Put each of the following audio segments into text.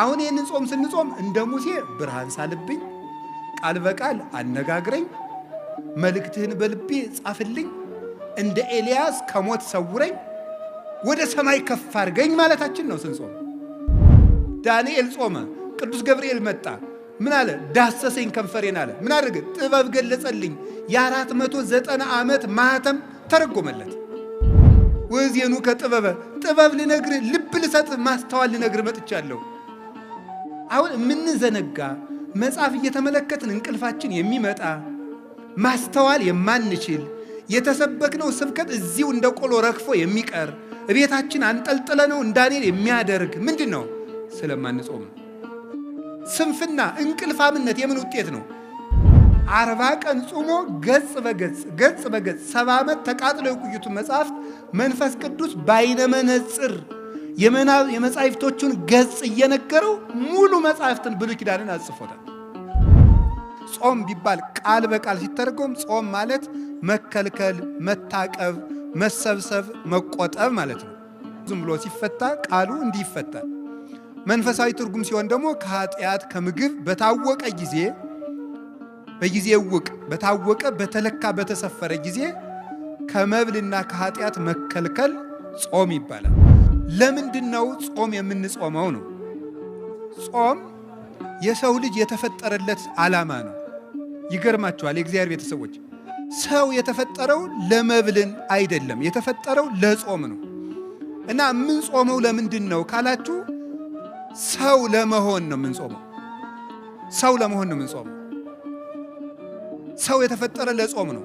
አሁን ይህንን ጾም ስንጾም እንደ ሙሴ ብርሃን ሳልብኝ፣ ቃል በቃል አነጋግረኝ፣ መልእክትህን በልቤ ጻፍልኝ፣ እንደ ኤልያስ ከሞት ሰውረኝ፣ ወደ ሰማይ ከፍ አድርገኝ ማለታችን ነው። ስንጾም ዳንኤል ጾመ፣ ቅዱስ ገብርኤል መጣ። ምን አለ? ዳሰሰኝ ከንፈሬን አለ። ምን አድርግ? ጥበብ ገለጸልኝ። የአራት መቶ ዘጠና ዓመት ማህተም ተረጎመለት። ወዜኑ ከጥበበ ጥበብ ልነግር ልብ ልሰጥ ማስተዋል ልነግር መጥቻለሁ። አሁን የምንዘነጋ መጽሐፍ እየተመለከትን እንቅልፋችን የሚመጣ ማስተዋል የማንችል የተሰበክነው ስብከት እዚሁ እንደ ቆሎ ረግፎ የሚቀር እቤታችን አንጠልጥለነው እንዳኔል የሚያደርግ ምንድን ነው? ስለማንጾም ስንፍና፣ እንቅልፋምነት የምን ውጤት ነው? አርባ ቀን ጾሞ ገጽ በገጽ ገጽ በገጽ ሰባ ዓመት ተቃጥለው የቆዩትን መጽሐፍት መንፈስ ቅዱስ ባይነመነጽር የመጻሕፍቶቹን ገጽ እየነገረው ሙሉ መጻሕፍትን ብሉይ ኪዳንን አጽፎታል። ጾም ቢባል ቃል በቃል ሲተረጎም ጾም ማለት መከልከል፣ መታቀብ፣ መሰብሰብ፣ መቆጠብ ማለት ነው። ዝም ብሎ ሲፈታ ቃሉ እንዲህ ይፈታል። መንፈሳዊ ትርጉም ሲሆን ደግሞ ከኃጢአት ከምግብ በታወቀ ጊዜ በጊዜ ውቅ በታወቀ በተለካ በተሰፈረ ጊዜ ከመብልና ከኃጢአት መከልከል ጾም ይባላል። ለምንድን ነው ጾም የምንጾመው? ነው ጾም የሰው ልጅ የተፈጠረለት ዓላማ ነው። ይገርማችኋል የእግዚአብሔር ቤተሰቦች፣ ሰው የተፈጠረው ለመብልን አይደለም፣ የተፈጠረው ለጾም ነው። እና የምንጾመው ለምንድን ነው ካላችሁ፣ ሰው ለመሆን ነው የምንጾመው። ሰው ለመሆን ነው የምንጾመው። ሰው የተፈጠረ ለጾም ነው።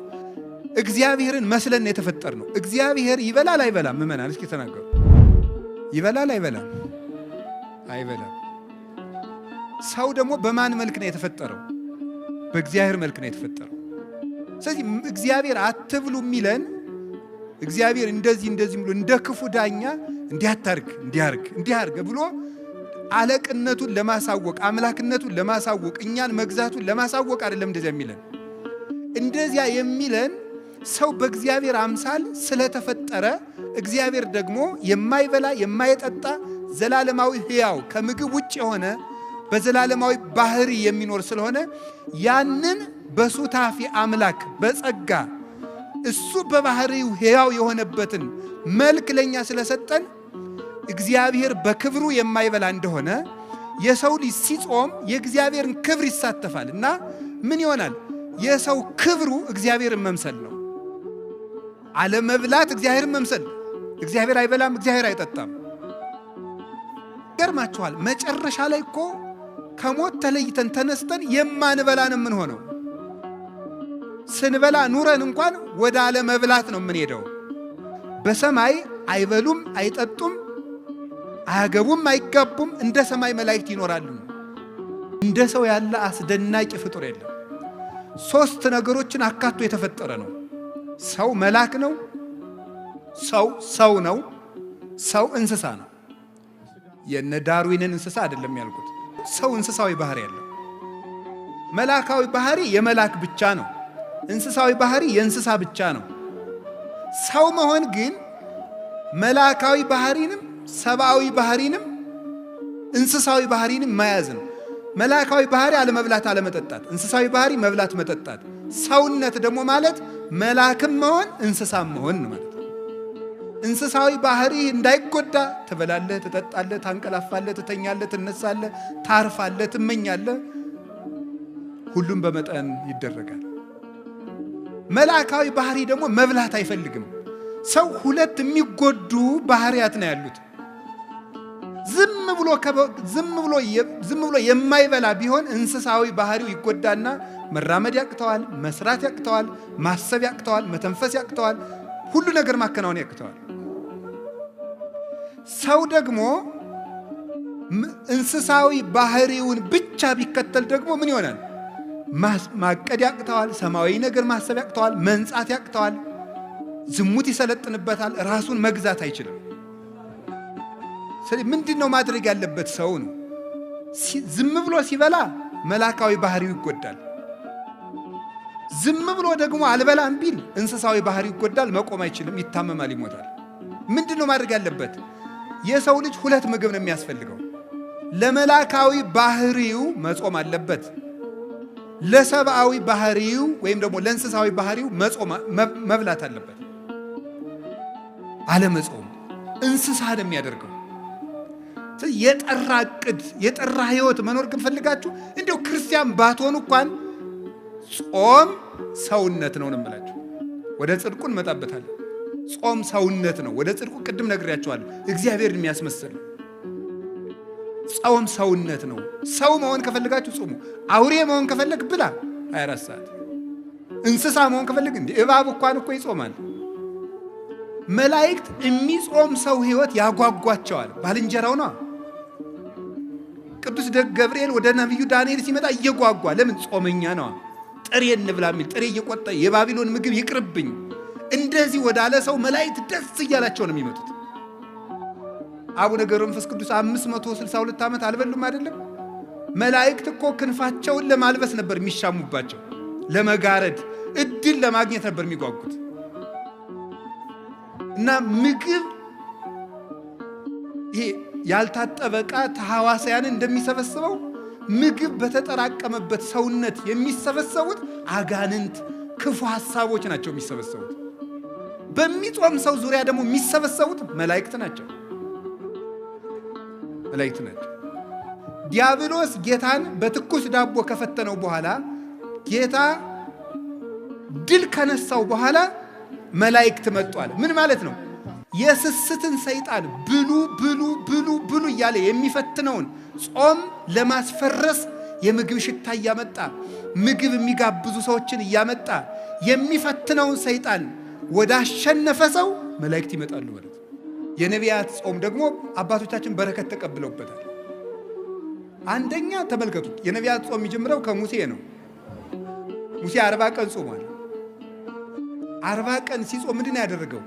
እግዚአብሔርን መስለን የተፈጠር ነው። እግዚአብሔር ይበላል አይበላም? ምእመናን እስኪ ተናገሩ። ይበላል አይበላም? አይበላም። ሰው ደግሞ በማን መልክ ነው የተፈጠረው? በእግዚአብሔር መልክ ነው የተፈጠረው። ስለዚህ እግዚአብሔር አትብሉ የሚለን እግዚአብሔር እንደዚህ እንደዚህ ብሎ እንደ ክፉ ዳኛ እንዲያታርግ እንዲያርግ እንዲያርግ ብሎ አለቅነቱን ለማሳወቅ አምላክነቱን ለማሳወቅ እኛን መግዛቱን ለማሳወቅ አይደለም እንደዚያ የሚለን እንደዚያ የሚለን ሰው በእግዚአብሔር አምሳል ስለተፈጠረ እግዚአብሔር ደግሞ የማይበላ የማይጠጣ ዘላለማዊ ሕያው ከምግብ ውጭ የሆነ በዘላለማዊ ባህሪ የሚኖር ስለሆነ ያንን በሱታፊ አምላክ በጸጋ እሱ በባህሪው ሕያው የሆነበትን መልክ ለእኛ ስለሰጠን እግዚአብሔር በክብሩ የማይበላ እንደሆነ የሰው ልጅ ሲጾም የእግዚአብሔርን ክብር ይሳተፋል እና ምን ይሆናል? የሰው ክብሩ እግዚአብሔርን መምሰል ነው። አለመብላት እግዚአብሔርን መምሰል። እግዚአብሔር አይበላም፣ እግዚአብሔር አይጠጣም። ገርማችኋል። መጨረሻ ላይ እኮ ከሞት ተለይተን ተነስተን የማንበላን የምንሆነው ስንበላ ኑረን እንኳን ወደ አለመብላት ነው የምንሄደው። በሰማይ አይበሉም፣ አይጠጡም፣ አያገቡም፣ አይጋቡም። እንደ ሰማይ መላእክት ይኖራሉ። እንደ ሰው ያለ አስደናቂ ፍጡር የለም። ሶስት ነገሮችን አካቶ የተፈጠረ ነው። ሰው መልአክ ነው። ሰው ሰው ነው። ሰው እንስሳ ነው። የነ ዳርዊንን እንስሳ አይደለም ያልኩት። ሰው እንስሳዊ ባህሪ ያለው፣ መልአካዊ ባህሪ የመልአክ ብቻ ነው። እንስሳዊ ባህሪ የእንስሳ ብቻ ነው። ሰው መሆን ግን መልአካዊ ባህሪንም ሰብአዊ ባህሪንም እንስሳዊ ባህሪንም መያዝ ነው። መላካዊ ባህሪ አለመብላት አለመጠጣት፣ እንስሳዊ ባህሪ መብላት መጠጣት። ሰውነት ደግሞ ማለት መላክም መሆን እንስሳም መሆን ማለት ነው። እንስሳዊ ባህሪ እንዳይጎዳ ትበላለህ፣ ትጠጣለህ፣ ታንቀላፋለህ፣ ትተኛለህ፣ ትነሳለህ፣ ታርፋለህ፣ ትመኛለህ። ሁሉም በመጠን ይደረጋል። መላካዊ ባህሪ ደግሞ መብላት አይፈልግም። ሰው ሁለት የሚጎዱ ባህሪያት ነው ያሉት ዝም ብሎ ዝም ብሎ ዝም ብሎ የማይበላ ቢሆን እንስሳዊ ባህሪው ይጎዳና መራመድ ያቅተዋል፣ መስራት ያቅተዋል፣ ማሰብ ያቅተዋል፣ መተንፈስ ያቅተዋል፣ ሁሉ ነገር ማከናወን ያቅተዋል። ሰው ደግሞ እንስሳዊ ባህሪውን ብቻ ቢከተል ደግሞ ምን ይሆናል? ማቀድ ያቅተዋል፣ ሰማያዊ ነገር ማሰብ ያቅተዋል፣ መንጻት ያቅተዋል፣ ዝሙት ይሰለጥንበታል፣ ራሱን መግዛት አይችልም። ስለዚህ ምንድን ነው ማድረግ ያለበት ሰው ነው። ዝም ብሎ ሲበላ መላካዊ ባህሪው ይጎዳል። ዝም ብሎ ደግሞ አልበላም ቢል እንስሳዊ ባህሪው ይጎዳል። መቆም አይችልም፣ ይታመማል፣ ይሞታል። ምንድን ነው ማድረግ ያለበት? የሰው ልጅ ሁለት ምግብ ነው የሚያስፈልገው። ለመላካዊ ባህሪው መጾም አለበት። ለሰብአዊ ባህሪው ወይም ደግሞ ለእንስሳዊ ባህሪው መጾም መብላት አለበት። አለመጾም እንስሳ ነው የሚያደርገው። የጠራ እቅድ የጠራ ህይወት መኖር ከፈልጋችሁ እንዲሁ ክርስቲያን ባትሆኑ እንኳን ጾም ሰውነት ነው ነው የምላችሁ። ወደ ጽድቁ እንመጣበታለን። ጾም ሰውነት ነው። ወደ ጽድቁ ቅድም ነግሬያችኋለሁ። እግዚአብሔርን የሚያስመስል ጾም ሰውነት ነው። ሰው መሆን ከፈልጋችሁ ጾሙ። አውሬ መሆን ከፈለግ ብላ 24 ሰዓት እንስሳ መሆን ከፈልግ እንደ እባብ እንኳን እኮ ይጾማል። መላእክት የሚጾም ሰው ህይወት ያጓጓቸዋል። ባልንጀራው ነው። ቅዱስ ገብርኤል ወደ ነቢዩ ዳንኤል ሲመጣ እየጓጓ ለምን ጾመኛ ነዋ። ጥሬ እንብላ የሚል ጥሬ እየቆጠ የባቢሎን ምግብ ይቅርብኝ እንደዚህ ወዳለ ሰው መላእክት ደስ እያላቸው ነው የሚመጡት። አቡነ ገብረ መንፈስ ቅዱስ 562 ዓመት አልበሉም አይደለም። መላእክት እኮ ክንፋቸውን ለማልበስ ነበር የሚሻሙባቸው፣ ለመጋረድ እድል ለማግኘት ነበር የሚጓጉት። እና ምግብ ይሄ ያልታጠበ ዕቃ እንደሚሰበስበው ምግብ በተጠራቀመበት ሰውነት የሚሰበሰቡት አጋንንት፣ ክፉ ሐሳቦች ናቸው የሚሰበሰቡት። በሚጾም ሰው ዙሪያ ደግሞ የሚሰበሰቡት መላእክት ናቸው መላእክት ናቸው። ዲያብሎስ ጌታን በትኩስ ዳቦ ከፈተነው በኋላ ጌታ ድል ከነሳው በኋላ መላእክት መጥቷል። ምን ማለት ነው? የስስትን ሰይጣን ብሉ ብሉ ብሉ ብሉ እያለ የሚፈትነውን ጾም ለማስፈረስ የምግብ ሽታ እያመጣ ምግብ የሚጋብዙ ሰዎችን እያመጣ የሚፈትነውን ሰይጣን ወዳሸነፈ ሰው መላእክት ይመጣሉ ማለት ነው። የነቢያት ጾም ደግሞ አባቶቻችን በረከት ተቀብለውበታል። አንደኛ ተመልከቱት፣ የነቢያት ጾም የሚጀምረው ከሙሴ ነው። ሙሴ አርባ ቀን ጾሟል። አርባ ቀን ሲጾም ምንድን ያደረገው?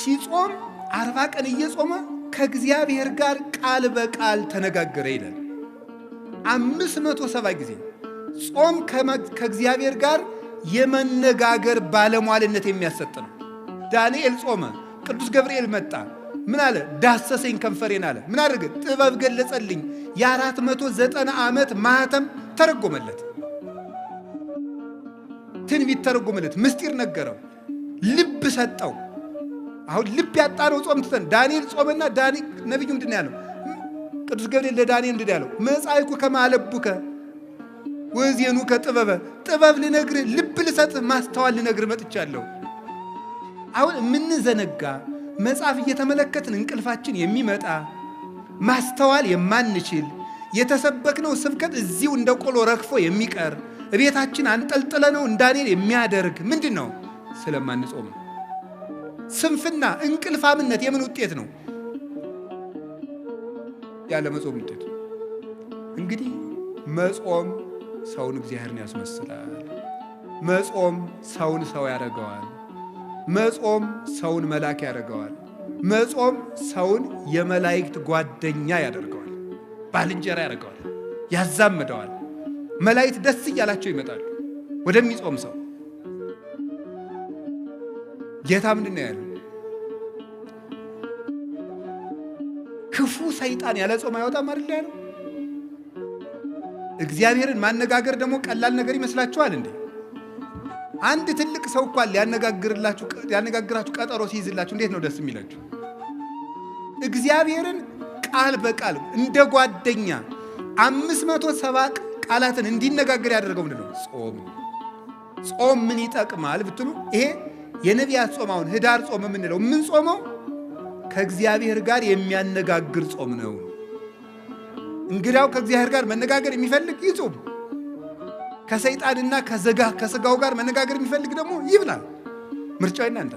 ሲጾም አርባ ቀን እየጾመ ከእግዚአብሔር ጋር ቃል በቃል ተነጋገረ ይላል። አምስት መቶ ሰባ ጊዜ ጾም ከእግዚአብሔር ጋር የመነጋገር ባለሟልነት የሚያሰጥ ነው። ዳንኤል ጾመ። ቅዱስ ገብርኤል መጣ። ምን አለ? ዳሰሰኝ ከንፈሬን አለ። ምን አድርግ? ጥበብ ገለጸልኝ። የአራት መቶ ዘጠና ዓመት ማተም ተረጎመለት፣ ትንቢት ተረጎመለት፣ ምስጢር ነገረው፣ ልብ ሰጠው። አሁን ልብ ያጣነው ጾም ትተን ዳንኤል ጾመና ነቢዩ ምንድን ያለው? ቅዱስ ገብርኤል ለዳንኤል ምንድን ያለው? መጻይኩ ከማለቡከ ወዜኑ ከጥበበ ጥበብ ልነግር ልብ ልሰጥ ማስተዋል ልነግርህ መጥቻለሁ። አሁን የምንዘነጋ መጽሐፍ እየተመለከትን እንቅልፋችን የሚመጣ ማስተዋል የማንችል የተሰበክነው ስብከት እዚው እንደ ቆሎ ረግፎ የሚቀር ቤታችን አንጠልጥለነው እንዳንኤል የሚያደርግ ምንድን ነው? ስለማንጾም ነው። ስንፍና፣ እንቅልፋምነት የምን ውጤት ነው? ያለ መጾም ውጤት እንግዲህ መጾም ሰውን እግዚአብሔርን ያስመስላል። መጾም ሰውን ሰው ያደርገዋል። መጾም ሰውን መልአክ ያደርገዋል። መጾም ሰውን የመላእክት ጓደኛ ያደርገዋል፣ ባልንጀራ ያደርገዋል፣ ያዛምደዋል። መላእክት ደስ እያላቸው ይመጣሉ ወደሚጾም ሰው ጌታ ምንድን ነው ያለው? ክፉ ሰይጣን ያለ ጾም አይወጣም አይደል ያለው? እግዚአብሔርን ማነጋገር ደግሞ ቀላል ነገር ይመስላችኋል እንዴ? አንድ ትልቅ ሰው እንኳን ሊያነጋግርላችሁ ሊያነጋግራችሁ ቀጠሮ ሲይዝላችሁ እንዴት ነው ደስ የሚላችሁ? እግዚአብሔርን ቃል በቃል እንደ ጓደኛ አምስት መቶ ሰባ ቃላትን እንዲነጋገር ያደረገው ምንድን ነው? ጾም ጾም ምን ይጠቅማል ብትሉ ይሄ የነቢያት ጾም አሁን ህዳር ጾም የምንለው የምንጾመው ከእግዚአብሔር ጋር የሚያነጋግር ጾም ነው። እንግዳው ከእግዚአብሔር ጋር መነጋገር የሚፈልግ ይጹም። ከሰይጣንና ከዘጋ ከስጋው ጋር መነጋገር የሚፈልግ ደግሞ ይብላል። ምርጫው እናንተ።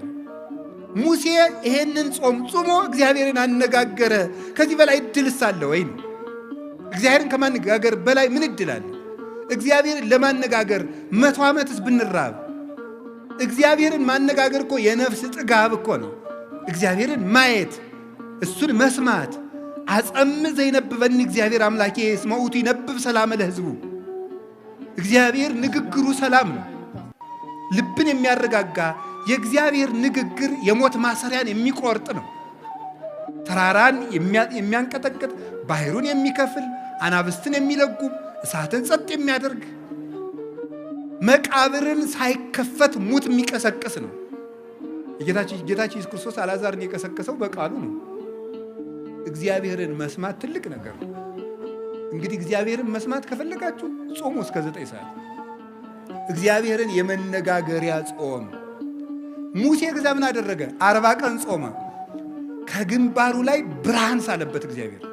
ሙሴ ይሄንን ጾም ጾሞ እግዚአብሔርን አነጋገረ። ከዚህ በላይ እድልስ አለ ወይ? እግዚአብሔርን ከማነጋገር በላይ ምን እድል አለ? እግዚአብሔርን ለማነጋገር መቶ ዓመትስ ብንራብ እግዚአብሔርን ማነጋገር እኮ የነፍስ ጥጋብ እኮ ነው። እግዚአብሔርን ማየት፣ እሱን መስማት አጸም ዘይነብበኒ እግዚአብሔር አምላኬ ስመውቱ ይነብብ ሰላም ለሕዝቡ። እግዚአብሔር ንግግሩ ሰላም ነው፣ ልብን የሚያረጋጋ የእግዚአብሔር ንግግር የሞት ማሰሪያን የሚቆርጥ ነው። ተራራን የሚያንቀጠቅጥ፣ ባህሩን የሚከፍል፣ አናብስትን የሚለጉም፣ እሳትን ጸጥ የሚያደርግ መቃብርን ሳይከፈት ሙት የሚቀሰቅስ ነው። ጌታችን ኢየሱስ ክርስቶስ አልዓዛርን የቀሰቀሰው በቃሉ ነው። እግዚአብሔርን መስማት ትልቅ ነገር ነው። እንግዲህ እግዚአብሔርን መስማት ከፈለጋችሁ ጾሙ እስከ ዘጠኝ ሰዓት እግዚአብሔርን የመነጋገሪያ ጾም። ሙሴ ግዛ ምን አደረገ? አርባ ቀን ጾመ። ከግንባሩ ላይ ብርሃን ሳለበት እግዚአብሔር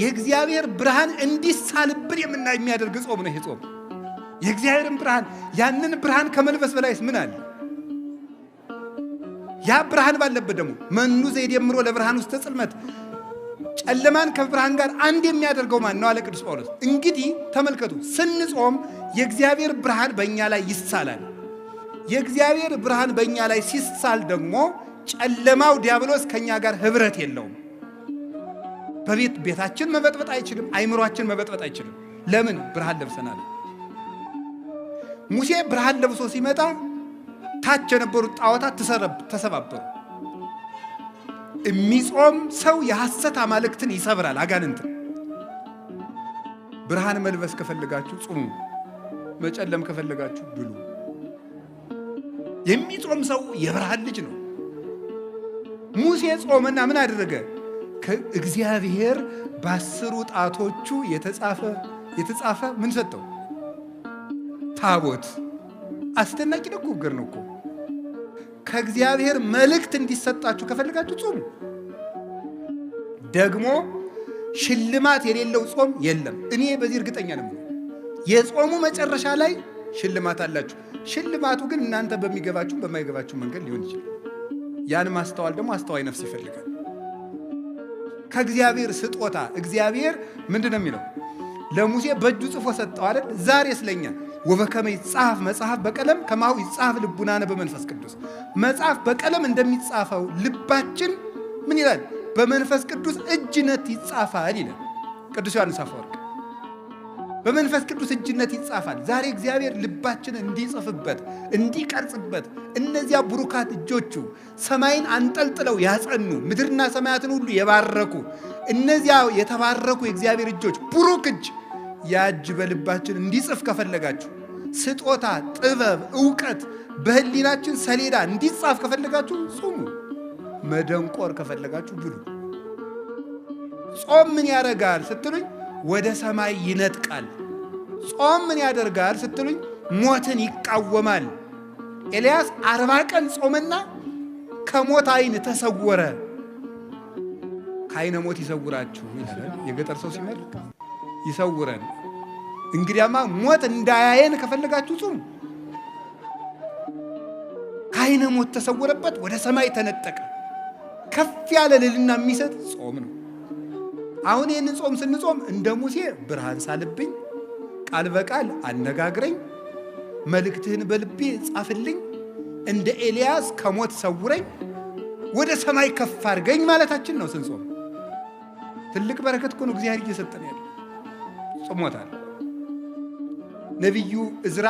የእግዚአብሔር ብርሃን እንዲሳልብን የምና የሚያደርግ ጾም ነው ይሄ ጾም። የእግዚአብሔርን ብርሃን ያንን ብርሃን ከመልበስ በላይስ ምን አለ? ያ ብርሃን ባለበት ደግሞ መኑ ዘይድ የምሮ ለብርሃን ውስጥ ተጽልመት ጨለማን ከብርሃን ጋር አንድ የሚያደርገው ማን ነው አለ ቅዱስ ጳውሎስ። እንግዲህ ተመልከቱ፣ ስንጾም የእግዚአብሔር ብርሃን በእኛ ላይ ይሳላል። የእግዚአብሔር ብርሃን በእኛ ላይ ሲሳል ደግሞ ጨለማው ዲያብሎስ ከእኛ ጋር ህብረት የለውም። በቤት ቤታችን መበጥበጥ አይችልም። አይምሯችን መበጥበጥ አይችልም። ለምን? ብርሃን ለብሰናል። ሙሴ ብርሃን ለብሶ ሲመጣ ታች የነበሩት ጣዖታት ተሰባበሩ። የሚጾም ሰው የሐሰት አማልክትን ይሰብራል፣ አጋንንት? ብርሃን መልበስ ከፈለጋችሁ ጽሙ፣ መጨለም ከፈለጋችሁ ብሉ። የሚጾም ሰው የብርሃን ልጅ ነው። ሙሴ ጾመና ምን አደረገ? ከእግዚአብሔር በአስሩ ጣቶቹ የተጻፈ የተጻፈ ምን ሰጠው? ታቦት አስደናቂ ደጎ ገር ነው እኮ። ከእግዚአብሔር መልእክት እንዲሰጣችሁ ከፈልጋችሁ ጾሙ። ደግሞ ሽልማት የሌለው ጾም የለም። እኔ በዚህ እርግጠኛ ነው። የጾሙ መጨረሻ ላይ ሽልማት አላችሁ። ሽልማቱ ግን እናንተ በሚገባችሁ በማይገባችሁ መንገድ ሊሆን ይችላል። ያን ማስተዋል ደግሞ አስተዋይ ነፍስ ይፈልጋል። ከእግዚአብሔር ስጦታ እግዚአብሔር ምንድን ነው የሚለው? ለሙሴ በእጁ ጽፎ ሰጠው አለ። ዛሬ ስለኛ ወበከመ ይጻፍ መጽሐፍ በቀለም ከማሁ ይጻፍ ልቡናነ በመንፈስ ቅዱስ። መጽሐፍ በቀለም እንደሚጻፈው ልባችን ምን ይላል? በመንፈስ ቅዱስ እጅነት ይጻፋል ይላል ቅዱስ ዮሐንስ አፈወርቅ። በመንፈስ ቅዱስ እጅነት ይጻፋል። ዛሬ እግዚአብሔር ልባችን እንዲጽፍበት እንዲቀርጽበት፣ እነዚያ ቡሩካት እጆቹ ሰማይን አንጠልጥለው ያጸኑ፣ ምድርና ሰማያትን ሁሉ የባረኩ እነዚያ የተባረኩ የእግዚአብሔር እጆች ቡሩክ እጅ ያ በልባችን እንዲጽፍ ከፈለጋችሁ ስጦታ፣ ጥበብ፣ እውቀት በህሊናችን ሰሌዳ እንዲጻፍ ከፈለጋችሁ ጹሙ። መደንቆር ከፈለጋችሁ ብሉ። ጾም ምን ያደርጋል ስትሉኝ፣ ወደ ሰማይ ይነጥቃል። ጾም ምን ያደርጋል ስትሉኝ፣ ሞትን ይቃወማል። ኤልያስ አርባ ቀን ጾመና ከሞት አይን ተሰወረ። ከአይነ ሞት ይሰውራችሁ ይላል የገጠር ሰው ሲመልክ ይሰውረን። እንግዲያማ ሞት እንዳያየን ከፈለጋችሁ ጽኑ። ከአይነ ሞት ተሰወረበት፣ ወደ ሰማይ ተነጠቀ። ከፍ ያለ ልልና የሚሰጥ ጾም ነው። አሁን ይህንን ጾም ስንጾም እንደ ሙሴ ብርሃን ሳልብኝ፣ ቃል በቃል አነጋግረኝ፣ መልእክትህን በልቤ ጻፍልኝ፣ እንደ ኤልያስ ከሞት ሰውረኝ፣ ወደ ሰማይ ከፍ አድርገኝ ማለታችን ነው። ስንጾም ትልቅ በረከት እኮ ነው እግዚአብሔር እየሰጠን ያለ ጾሞታል። ነቢዩ እዝራ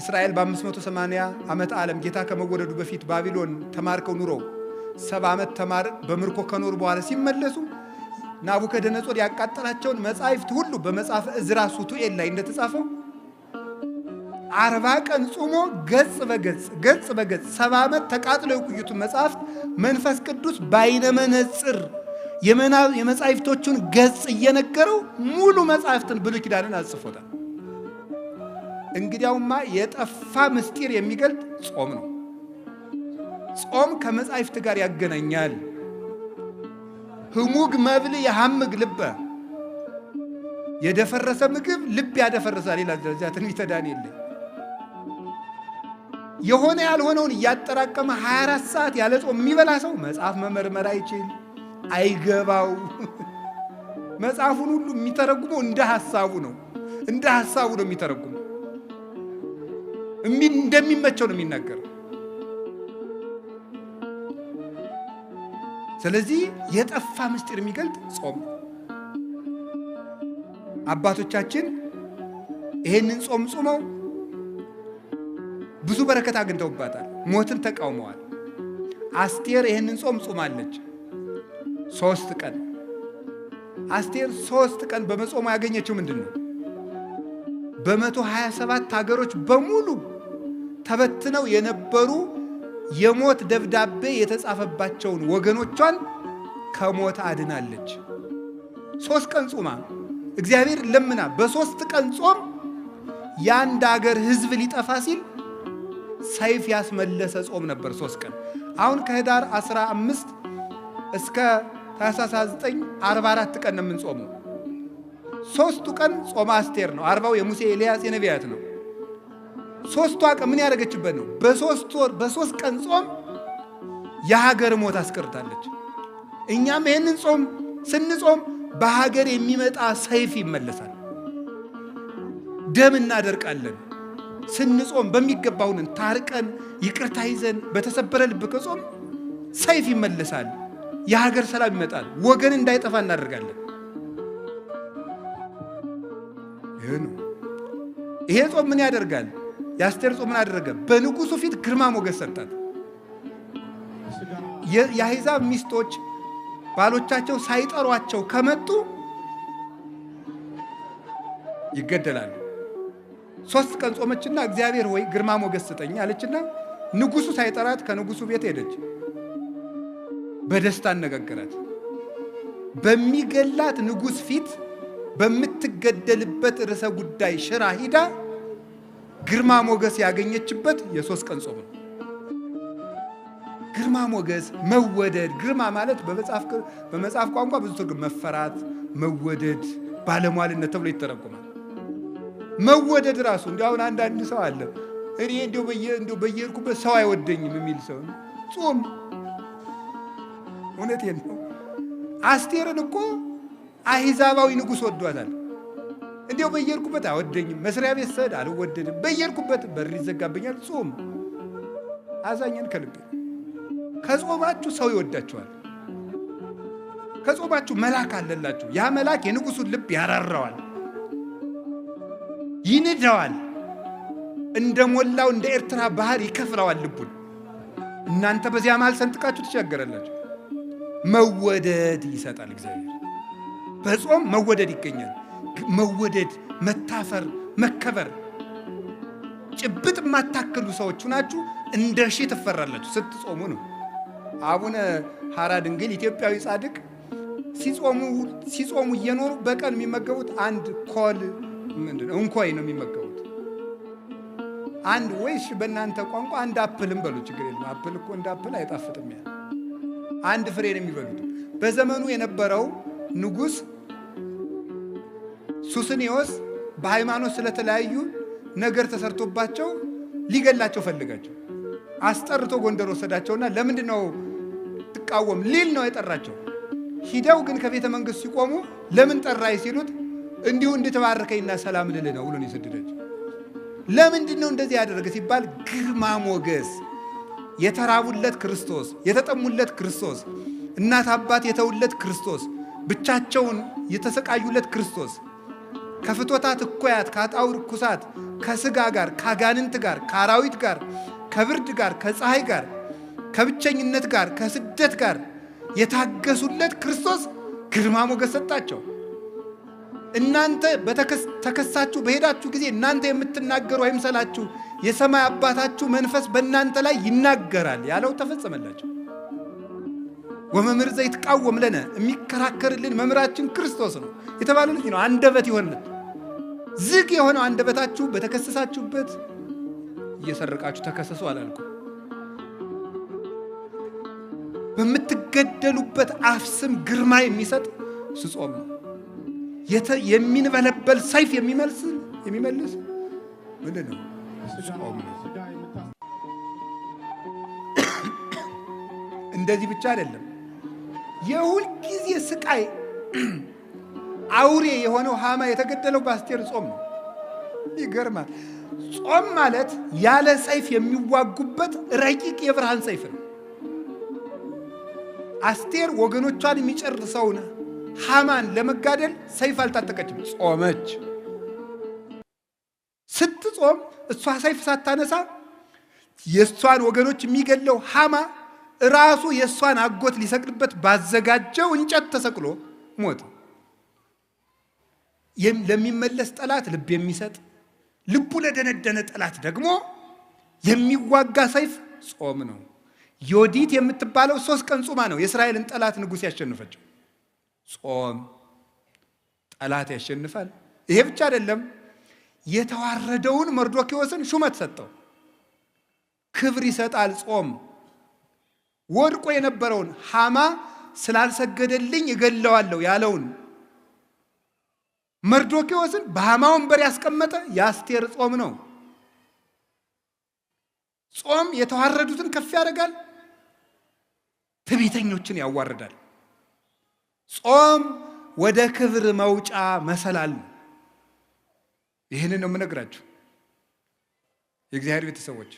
እስራኤል በ580 ዓመት ዓለም ጌታ ከመወደዱ በፊት ባቢሎን ተማርከው ኑሮ ሰባ ዓመት ተማር በምርኮ ከኖሩ በኋላ ሲመለሱ ናቡከደነጾር ያቃጠላቸውን መጻሕፍት ሁሉ በመጽሐፍ እዝራ ሱቱኤል ላይ እንደተጻፈው አርባ ቀን ጾሞ ገጽ በገጽ ገጽ በገጽ ሰባ ዓመት ተቃጥሎ የቆዩትን መጽሐፍት መንፈስ ቅዱስ በዓይነ መነጽር የመጻሕፍቶቹን ገጽ እየነገረው ሙሉ መጽሐፍትን ብሉይ ኪዳንን አጽፎታል። እንግዲያውማ የጠፋ ምስጢር የሚገልጥ ጾም ነው። ጾም ከመጻሕፍት ጋር ያገናኛል። ህሙግ መብል የሐምግ ልበ የደፈረሰ ምግብ ልብ ያደፈርሳል ይላል ደረጃ ትንቢተ ዳንኤል። የሆነ ያልሆነውን እያጠራቀመ 24 ሰዓት ያለ ጾም የሚበላ ሰው መጽሐፍ መመርመር አይችል፣ አይገባው። መጽሐፉን ሁሉ የሚተረጉመው እንደ ሐሳቡ ነው። እንደ ሐሳቡ ነው የሚተረጉመው። እንደሚመቸው ነው የሚናገር። ስለዚህ የጠፋ ምስጢር የሚገልጥ ጾም አባቶቻችን ይሄንን ጾም ጾመው ብዙ በረከት አግኝተውባታል። ሞትን ተቃውመዋል። አስቴር ይህንን ጾም ጾማለች። ሶስት ቀን አስቴር ሶስት ቀን በመጾሙ ያገኘችው ምንድን ነው? በመቶ ሀያ ሰባት ሀገሮች በሙሉ ተበትነው የነበሩ የሞት ደብዳቤ የተጻፈባቸውን ወገኖቿን ከሞት አድናለች። ሶስት ቀን ጾማ እግዚአብሔር ለምና በሶስት ቀን ጾም የአንድ አገር ሕዝብ ሊጠፋ ሲል ሰይፍ ያስመለሰ ጾም ነበር። ሶስት ቀን አሁን ከህዳር 15 እስከ ታኅሳስ 9 44 ቀን ነው የምንጾመው። ሶስቱ ቀን ጾመ አስቴር ነው። አርባው የሙሴ ኤልያስ የነቢያት ነው። ሶስቱ ቀን ምን ያደረገችበት ነው? በሶስት ወር በሶስት ቀን ጾም የሀገር ሞት አስቀርታለች። እኛም ይህንን ጾም ስንጾም በሀገር የሚመጣ ሰይፍ ይመለሳል፣ ደም እናደርቃለን። ስንጾም በሚገባውንን ታርቀን ይቅርታ ይዘን በተሰበረ ልብ ከጾም ሰይፍ ይመለሳል፣ የሀገር ሰላም ይመጣል፣ ወገን እንዳይጠፋ እናደርጋለን። ይህ ነው ይሄ ጾም ምን ያደርጋል? የአስቴር ጾምን አደረገ? በንጉሱ ፊት ግርማ ሞገስ ሰጣት። የአሕዛብ ሚስቶች ባሎቻቸው ሳይጠሯቸው ከመጡ ይገደላሉ። ሶስት ቀን ጾመችና እግዚአብሔር ወይ ግርማ ሞገስ ስጠኝ አለችና ንጉሱ ሳይጠራት ከንጉሱ ቤት ሄደች። በደስታ አነጋገራት። በሚገላት ንጉሥ ፊት በምትገደልበት ርዕሰ ጉዳይ ሽራ ሂዳ ግርማ ሞገስ ያገኘችበት የሶስት ቀን ጾም ነው። ግርማ ሞገስ፣ መወደድ። ግርማ ማለት በመጽሐፍ ቋንቋ ብዙ ትርጉም መፈራት፣ መወደድ፣ ባለሟልነት ተብሎ ይተረጎማል። መወደድ ራሱ እንዲ አሁን አንዳንድ ሰው አለ እኔ እንዲ በየሄድኩበት ሰው አይወደኝም የሚል ሰው ጾም እውነቴን ነው። አስቴርን እኮ አሂዛባዊ ንጉሥ ወዷታል። እንዲያው በየርኩበት አወደኝም መስሪያ ቤት ስሄድ አልወደድም። በየርኩበት በር ይዘጋብኛል። ጾም አዛኝን ከልቤ ከጾማችሁ ሰው ይወዳችኋል። ከጾማችሁ መልአክ አለላችሁ። ያ መልአክ የንጉሱን ልብ ያራራዋል፣ ይንደዋል። እንደ ሞላው እንደ ኤርትራ ባህር ይከፍለዋል ልቡን። እናንተ በዚያ መሃል ሰንጥቃችሁ ትሻገራላችሁ። መወደድ ይሰጣል እግዚአብሔር። በጾም መወደድ ይገኛል። መወደድ፣ መታፈር፣ መከበር ጭብጥ የማታክሉ ሰዎቹ ናችሁ። እንደ ሺ ትፈራላችሁ ስትጾሙ ነው። አቡነ ሐራ ድንግል ኢትዮጵያዊ ጻድቅ ሲጾሙ እየኖሩ በቀን የሚመገቡት አንድ ኮል እንኳይ ነው የሚመገቡት። አንድ ወይስ በእናንተ ቋንቋ አንድ አፕልም በሉ ችግር የለም። አፕል እኮ እንደ አፕል አይጣፍጥም። ያ አንድ ፍሬ ነው የሚበሉት። በዘመኑ የነበረው ንጉሥ ሱስኒዮስ በሃይማኖት ስለተለያዩ ነገር ተሰርቶባቸው ሊገላቸው ፈልጋቸው አስጠርቶ ጎንደር ወሰዳቸውና ለምንድን ነው ትቃወም ሊል ነው የጠራቸው። ሂደው ግን ከቤተ መንግስት ሲቆሙ ለምን ጠራይ ሲሉት እንዲሁ እንድተባርከኝና ሰላም ልል ነው ብሎን የሰደደች። ለምንድን ነው እንደዚህ ያደረገ ሲባል ግርማ ሞገስ፣ የተራቡለት ክርስቶስ፣ የተጠሙለት ክርስቶስ፣ እናት አባት የተውለት ክርስቶስ፣ ብቻቸውን የተሰቃዩለት ክርስቶስ ከፍቶታት እኩያት ከአጣው ርኩሳት ከስጋ ጋር ከአጋንንት ጋር ከአራዊት ጋር ከብርድ ጋር ከፀሐይ ጋር ከብቸኝነት ጋር ከስደት ጋር የታገሱለት ክርስቶስ ግርማ ሞገስ ሰጣቸው። እናንተ ተከሳችሁ በሄዳችሁ ጊዜ እናንተ የምትናገሩ አይምሰላችሁ፣ የሰማይ አባታችሁ መንፈስ በእናንተ ላይ ይናገራል ያለው ተፈጸመላቸው። ወመምህር ዘይትቃወም ለነ የሚከራከርልን መምህራችን ክርስቶስ ነው የተባለ ልጅ ነው አንደበት ይሆንልን ዝግ የሆነው አንደበታችሁ በተከሰሳችሁበት እየሰረቃችሁ ተከሰሱ አላልኩ። በምትገደሉበት አፍ ስም ግርማ የሚሰጥ ስጾም ነው። የሚንበለበል ሰይፍ የሚመልስ የሚመልስ ምንድን ነው? ስጾም ነው። እንደዚህ ብቻ አይደለም። የሁልጊዜ ስቃይ አውሬ የሆነው ሃማ የተገደለው በአስቴር ጾም ነው። ይገርማል። ጾም ማለት ያለ ሰይፍ የሚዋጉበት ረቂቅ የብርሃን ሰይፍ ነው። አስቴር ወገኖቿን የሚጨርሰውን ሃማን ለመጋደል ሰይፍ አልታጠቀችም፣ ጾመች። ስትጾም እሷ ሰይፍ ሳታነሳ የእሷን ወገኖች የሚገለው ሃማ ራሱ የእሷን አጎት ሊሰቅልበት ባዘጋጀው እንጨት ተሰቅሎ ሞተ። ለሚመለስ ጠላት ልብ የሚሰጥ ልቡ ለደነደነ ጠላት ደግሞ የሚዋጋ ሰይፍ ጾም ነው። ዮዲት የምትባለው ሶስት ቀን ጾማ ነው የእስራኤልን ጠላት ንጉሥ ያሸንፈችው። ጾም ጠላት ያሸንፋል። ይሄ ብቻ አይደለም። የተዋረደውን መርዶኪዎስን ሹመት ሰጠው፣ ክብር ይሰጣል። ጾም ወድቆ የነበረውን ሃማ ስላልሰገደልኝ እገለዋለሁ ያለውን መርዶኪዎስን በሐማ ወንበር ያስቀመጠ የአስቴር ጾም ነው። ጾም የተዋረዱትን ከፍ ያደርጋል፣ ትቢተኞችን ያዋርዳል። ጾም ወደ ክብር መውጫ መሰላል ይህንን ነው የምነግራችሁ የእግዚአብሔር ቤተሰቦች።